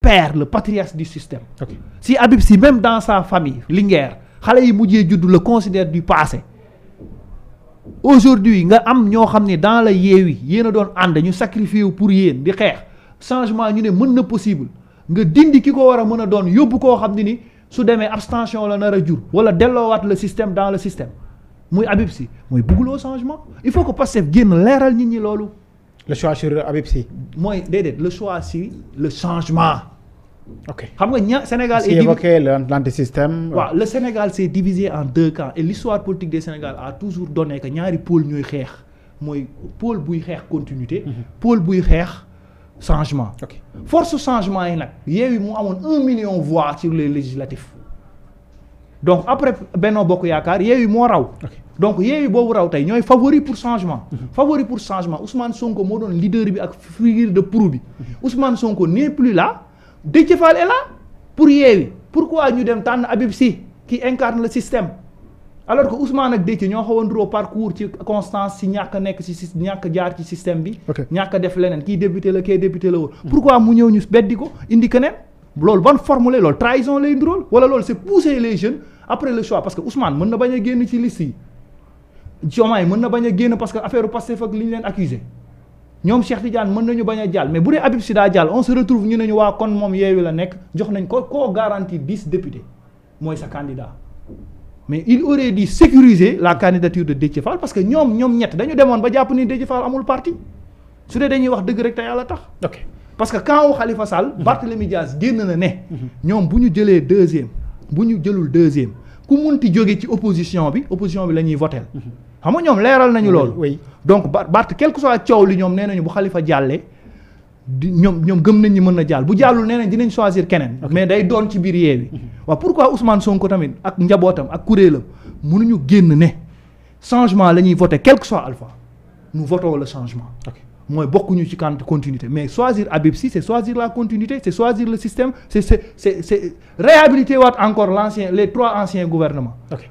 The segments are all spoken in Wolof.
père le patriarche du système. Okay. si Habib Sy même dans sa famille Linguère xale yi mujjee juddu le considère du passé aujourd'hui nga am ñoo xam ne dans la Yewwi yéen a doon ànd ñu sacrifié wu pour yéen di xeex changement ñu ne mën na possible nga dindi ki ko war a mën a doon yóbbu koo xam ne ni su demee abstention la nar a jur wala delloowaat la système dans le système muy Habib Sy mooy bugguloo changement il faut que Pastef génn leeral nit ñi loolu. le choix sur Habib Sy. mooy déedéet le choix sur le changement. ok xam nga ña Sénégal. est évoqué l'antisystème. waaw le Sénégal s'est divisé en deux camps et l'histoire politique du Sénégal a toujours donné que ñaari pôle ñooy xeex mooy pôle buy xeex continuité. Mhm. pole buy xeex changement. force changement yi nag. Yewwi mu amoon un million voix sur les législatives. donc après Benno Bokk Yaakaar Yewwi moo raw donc Yewwi boobu raw tey ñooy favori pour changement mhm. favori pour changement Ousmane Sonko moo doon leader bi ak figure de proue bi mhm. Ousmane Sonko n'est plus là Déthié Fall est là pour Yewwi pourquoi ñu dem tànn Habib Sy qui incarne le système alors que Ousmane ak Déthié ñoo xawanduroo parcours ci constance si ñàkk nekk si si ñàkk jaar ci système bi ñàkk def leneen kii député la kii député la woon mhm. pourquoi mu ñëw ñu beddi ko indi keneen loolu ban formule loolu trahison lay nduróol wala loolu c'est pousser les jeunes après le choix parce que Ousmane mën na bañ a génn ci liste yi Diomaye mën na bañ a génn parce que affaire Pastef ak li ñu leen accusé ñoom Cheikh mën nañu bañ a jàll mais bu dee Habib Sy daa jàll on se retrouve ñu ne ñu waa kon moom yeewi la nekk jox nañ ko koo garantie dix députés mooy sa candidat mais il aurait sécuriser la candidature de Déthié Fall parce que ñoom ñoom ñett dañu demoon ba jàpp ni Déthié Fall parti su wax dëgg rek te yàlla tax ok parce que xalifa Khalifa Sall. Mhm. Barthélémy Dias génn na ne. Mhm. ñoom bu ñu jëlee deuxième bu ñu jëlul deuxième ku munti jóge ci opposition bi opposition bi la ñuy voté. Mhm. xam nga ñoom leeral nañu loolu. donc Bart quel que soit coow li ñoom nee nañu bu xalifa jàlle di ñoom ñoom gëm nañ ñi mën na jàll bu jàllul nee nañ dinañ choisir keneen. mais day doon ci biir Yewwi. waaw pourquoi Ousmane Sonko tamit ak njabootam ak kuréelam ñu génn ne changement la ñuy voté quel que soit Alpha nous votons le mooy bokkuñu ci kan continuité mais choisir Habib Sy c' est choisir la continuité c' choisir le système c' est c' encore lancien les trois anciens gouvernements. Okay.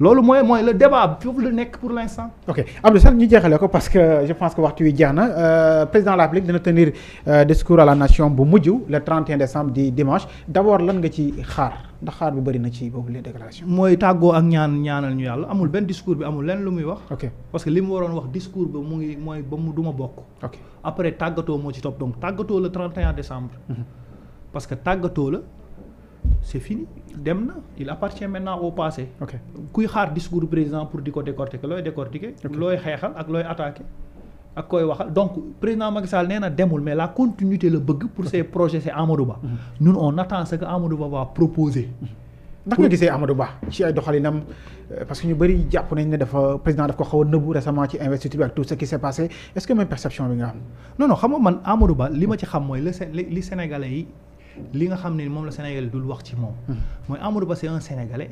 loolu mooy mooy le débat foofu la nekk pour l' instant. ok Abdou Sall ñu jeexale ko parce que je pense que waxtu wi jeex na euh, président de la République dina tenir euh, discours à la nation bu mujj le 31 décembre di dimanche d' abord lan nga ci xaar ndax xaar bu bëri na ci boobu les déclarations. mooy tàggoo ak ñaan ñaanal ñu yàlla amul benn discours bi amul lenn lu muy wax. ok parce que li mu waroon wax discours bi mu ngi mooy mu du bokk. ok après tàggatoo moo ci topp donc tàggatoo le 31 décembre. Mhm. parce que tàggatoo la. c' est fini dem na il appartient maintenant au passé. ok kuy xaar discours président pour di ko décortiquer looy décortiquer. looy xeexal ak looy attaquer. ak koy waxal donc président Macky Sall nee na demul mais la continuité la bëgg pour ses projets c' est Amadou Ba. ñun mhm. on attend ce que Amadou Ba va proposer. Mhm. ndax nga gisee Amadou Ba ci ay doxalinam euh, parce que ñu bëri jàpp nañ ne dafa président daf ko xaw a nëbbu récemment ci investiture ak tout ce qui s' est mooy li Sénégalais yi li nga xam ne moom la Sénégal dul wax ci moom. Hmm. mooy Amadou Ba c'est un Sénégalais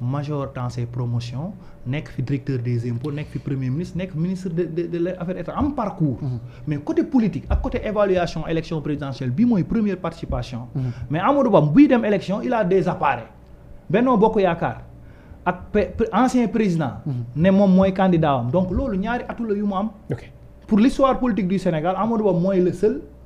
major dans ses promotions nekk fi directeur des impôts nekk fi premier ministre nekk ministre de de de l'affaires étrangères am parcours. Hmm. mais côté politique ak côté évaluation élection présidentielle bi mooy première participation. Hmm. mais Amadou Ba buy dem élection il a des appareils. Benno Bokk Yaakaar. ak ancien président. ne moom mooy candidat donc loolu ñaari atu yu mu am. pour l'histoire politique du Sénégal Amadou mooy le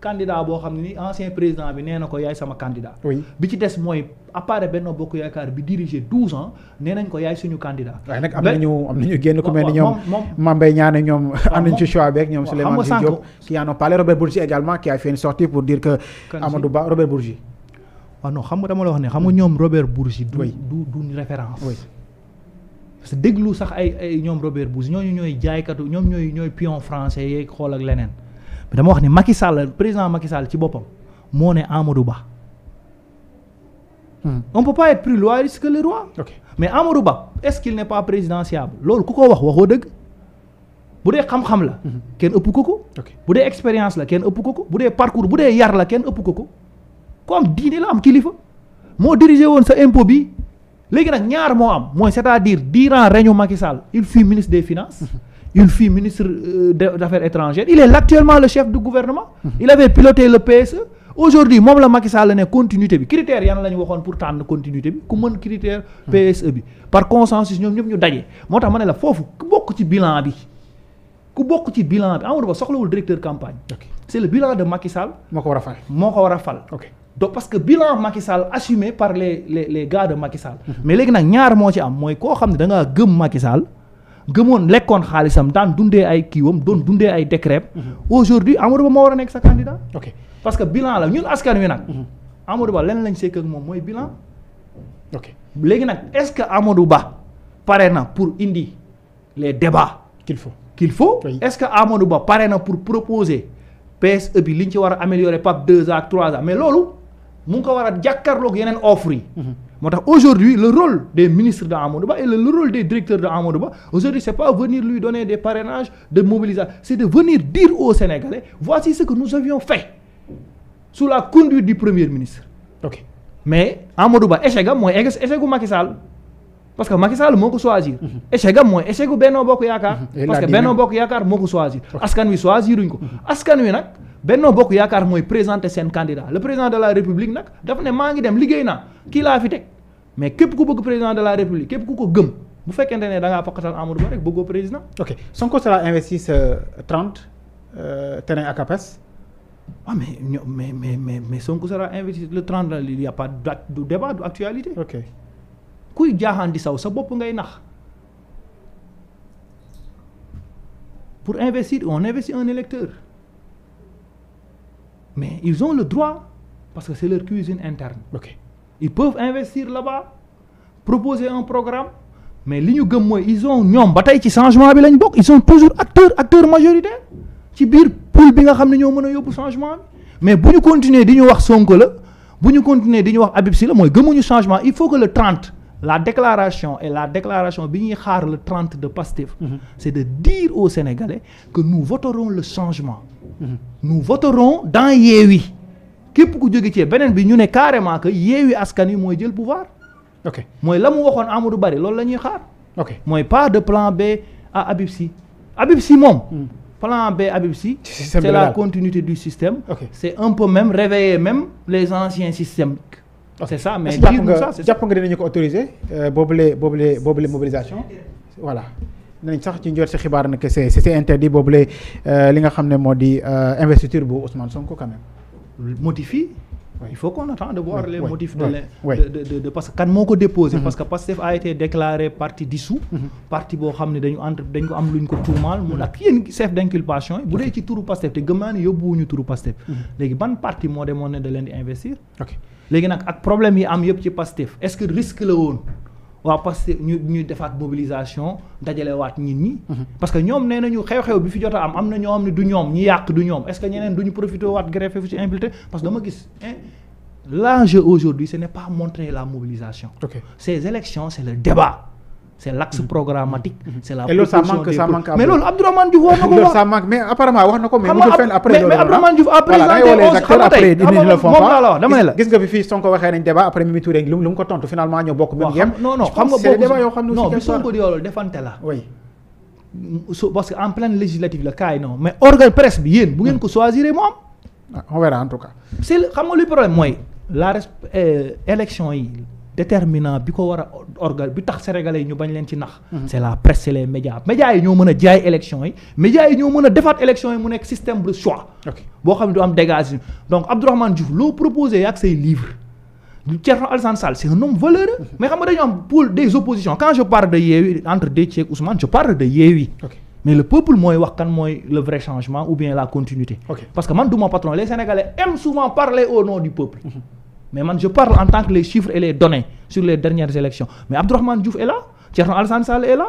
candidat boo xam ne ni ancien président bi nee na ko yaay sama candidat. bi ci des mooy appareil benn Bokk Yaakaar bi dirigé douze ans nee nañ ko yaay suñu candidat. waaye nag am na am nañu génn ku mel ni ñoom Mame Mbaye Niang ñoom ànd nañ ci choix beeg ñoom Souleymane Jules Diop qui a parlé Robert Bourgi également qui a fait une que Amadou Ba Robert Bourgi xam nga dama la wax ne xam nga ñoom Robert Bourgi du du du référence parce que déglu sax ay ay ñoom Robert Bourgi ñooñu ñooy jaaykatu ñoom ñooy ñooy pion français yeeg xool ak leneen dama wax ne Macky Sall président Macky ci boppam moo ne Amadou Ba. Hmm. on peut pas être plus loyaliste que mais Amadou Ba est-ce qu'il présidentiable loolu ku ko wax waxoo dëgg. bu dee xam-xam la. Hmm. kenn ëpp ko ko. bu dee expérience la kenn ëpp ko ko bu dee parcours bu dee yar la kenn ëpp ko ko. ku am diine la am kilifa. moo dirigé woon sa impôt bi léegi nag ñaar moo am mooy c'est-à-dire durant règne Macky Sall il fut ministre des finance hmm. il fut ministre euh, des affaires étrangères il est actuellement le chef du gouvernement mhm. il avait piloté le PSE aujourd'hui moom la Macky Sall ne continuité bi critère yan la ñu waxoon pour tànn continuité bi ku mën critère mhm. PSE bi par consensus ñoom ñëpp ñu daje moo tax ma ne la foofu ku bokk ci bilan bi ku bokk ci bilan bi Amadou Ba soxlawul directeur campagne c'est le bilan de Macky Sall moo ko war a fal moo ko war a fal donc parce que bilan Macky Sall assumé par les les les gars mhm. mais léegi nag ñaar moo ci am koo xam ne da ngaa gëm Macky gëmoon lekkoon xaalisam daan dundee ay kiiwam doon dundee ay décret aujourd'hui Amadou Ba moo war a nekk sa candidat ok parce que bilan la ñun askan wi nag mhm. Amadou Ba lenn lañ sekk ak moom mooy bilan léegi nag est-ce que Amadou Ba pare na pour indi les débats qu'il faut qu'il faut oui. est-ce que Amadou Ba pare na pour proposer PSE li ci war a améliorer PAP 2 ak 3 ans mais loolu mu ngi ko war a jàkkaarloog yeneen offre yi mhm. moo tax aujourd'hui le rôle des ministres de Amadou Ba et le rôle des directeurs de Amadou Ba aujourd'hui c'est pas venir lui donner des parrainages de mobilisation c'est de venir dire aux Sénégalais voici ce que nous avions fait sous la conduite du premier ministre ok mais Amadou Ba échec am mooy échec gu Macky Sall parce que Macky moo ko choisir mhm. échec am mooy échec gu Benno Bokk Yaakaar mhm. parce que Benno Bokk Yaakaar moo ko choisir askan wi choisiruñ ko mhm. askan wi nag Benno Bokk Yaakaar mooy présenter seen candidat le président de la république nag dafa ne maa ngi dem liggéey naa kii laa fi teg mais képp ku bëgg président de la république képp ku ko gëm bu fekkente ne da ngaa fokkatal Amadou Ba rek bëggoo président. ok Sonko sera investi euh, ah, mais mais mais mais mais Sonko sera le 30 la il y a pas du débat du saw sa bopp ngay nax. pour investir on investit un électeur. mais ils ont le droit parce que c'est leur cuisine interne. ok ils peuvent investir là-bas proposer un programme mais li ñu gëm mooy ils ont ñoom ba tey ci changement bi lañ bokk ils sont toujours acteurs acteurs majoritaires ci biir pool bi nga xam ne ñoo mën a yóbbu changement bi mais bu ñu continuer di ñu wax Sonko la bu ñu continuer di ñu wax Habib Sy la mooy gëmuñu changement il faut que le 30. la déclaration et la déclaration bi ñuy xaar le 30 de Pastef mm c'est de dire au Sénégalais que nous voterons le changement mm -hmm. nous voterons dans Yewwi képp ku jóge ci beneen bi ñu ne carrément que Yewwi Askan Wi mooy jël pouvoir ok mooy la mu waxoon Amadou Bari loolu la ñuy xaar ok mooy pas de plan B à Habib Sy Habib Sy moom mhm. plan B Habib Sy c'est la continuité du système okay. c'est un peu même réveiller même les anciens systèmes c'est ça mais jàpp nga jàpp nga dinañu ko autorisé euh, boobule boobule boobule mobilisation voilà. nañ sax ci njort si xibaar na que c'est c'est interdit boobule euh, li nga xam ne moo di euh, investiture bu Ousmane Sonko quand même. modifié. Oui. il faut qu'on attende de voir de, de, kan moo ko déposé mm-hmm. parce que Pastef a été déclaré parti mm-hmm. boo xam ne dañu entre dañ ko am luñ ko tuumaal mu mm-hmm. ak yéen chef d'inculpation yi bu dee ci turu Pastef te gëm naa ne yóbbuwuñu turu Pastef léegi leen di investir ok léegi nag ak problème yi am yëpp ci Pastef est-ce que risque la woon waa Pastef ñu ñuy defaat mobilisation waat nit ñi. Mhm. parce que ñoom nee nañu xew-xew bi fi jot am am na ñoo xam ne du ñoom ñi yàq du ñoom est-ce que ñeneen du ñu profité waat greffé fu ci impliqué parce que dama gis. l'enjeu aujourd'hui ce n'est pas montrer la mobilisation. ok ces élections c'est le débat. c' est l' axe mm-hmm. programmatique. Mm-hmm. c' la proposition mais loolu Abdourahmane Diouf wax na loolu ça manque mais apparemment wax mais. musul a ah. présenté dama ne la gis nga fi fii Sonko waxee nañ débat après Mimi Touré lu mu ko tontu finalement ñoo bokk. même yem xam nga boobu débat yoo xam ne non bi defante la. oui en pleine législative la kaay non mais organe presse bi yéen bu ngeen ko choisir mu am. Ah, on verra en tout cas. si xam nga luy problème mooy la euh, élection yi déterminant bi ko war a orga bi tax sénégalais yi ñu bañ leen ci nax. Mhm. c' la presse c' est les yi ñoo mën a jaay élection yi médias yi ñoo mën a defaat élection yi mu nekk système de choix. boo xam ne du am dégâts donc Abdourahmane Diouf loo proposé ak say livre Thierno Alassane Sall c' est un homme valeureux. Mhm. mais xam nga dañoo am pool des oppositions quand je parle de Yewwi entre Déthié ak Ousmane je parle de Yewwi. mais le peuple mooy wax kan mooy le vrai changement ou la continuité. parce que man du ma mais man je parle en tant que les chiffres et les données sur les dernières élections mais Abdourahmane Diouf est là Thierno Alassane Sall est kii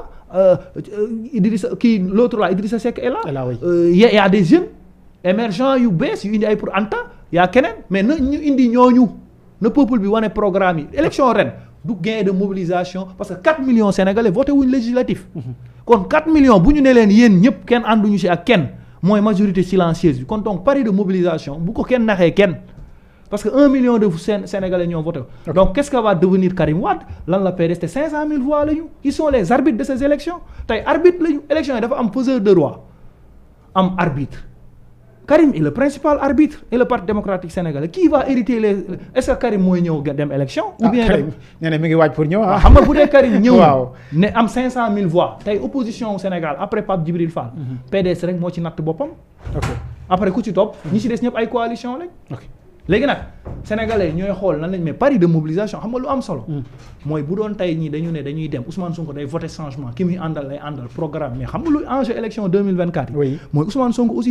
euh, euh, l'autre là Idrissa Seck est là. est euh, des jeunes émergents yu bees yu indi ay pour Anta y a keneen mais na ñu indi ñooñu na peuple bi wane programme yi élection ren du gain de mobilisation parce que 4 millions sénégalais voté wuñ législatif. kon 4 millions bu ñu ne leen yéen ñëpp kenn ànduñu si ak kenn mooy majorité silencieuse bi kon donc pari mobilisation bu ko kenn naxee kenn. parce que un million de Sénégalais ñoo voté donc qu'est-ce que va devenir Karim Wade lan la PDS te cinq cent mille voix la ñu ils sont de ces élections tey arbitre la ñu yi dafa am peseur de roi am arbitre Karim est le principal arbitre et le parti démocratique sénégalais qui va hériter les est-ce Karim mooy ñëw dem élection. ou ah, bien Karim nee na ngi waaj pour ñëw ah. xam nga bu dee Karim ñëw. waaw ne am 500000 tey opposition Sénégal après Pape Djibril Fall. Mhm. PDS moo ci natt boppam. ok après ku ci topp. ci des ñëpp ay coalition léegi nag sénégalais ñooy xool nan lañ mais pari de mobilisation xam nga lu am solo. Mm. mooy bu doon tey ñii dañu ne dañuy dem Ousmane Sonko day voté changement ki muy àndal lay àndal programme mais xam nga lu enjeu élection 2024 yi. mooy Ousmane Sonko aussi.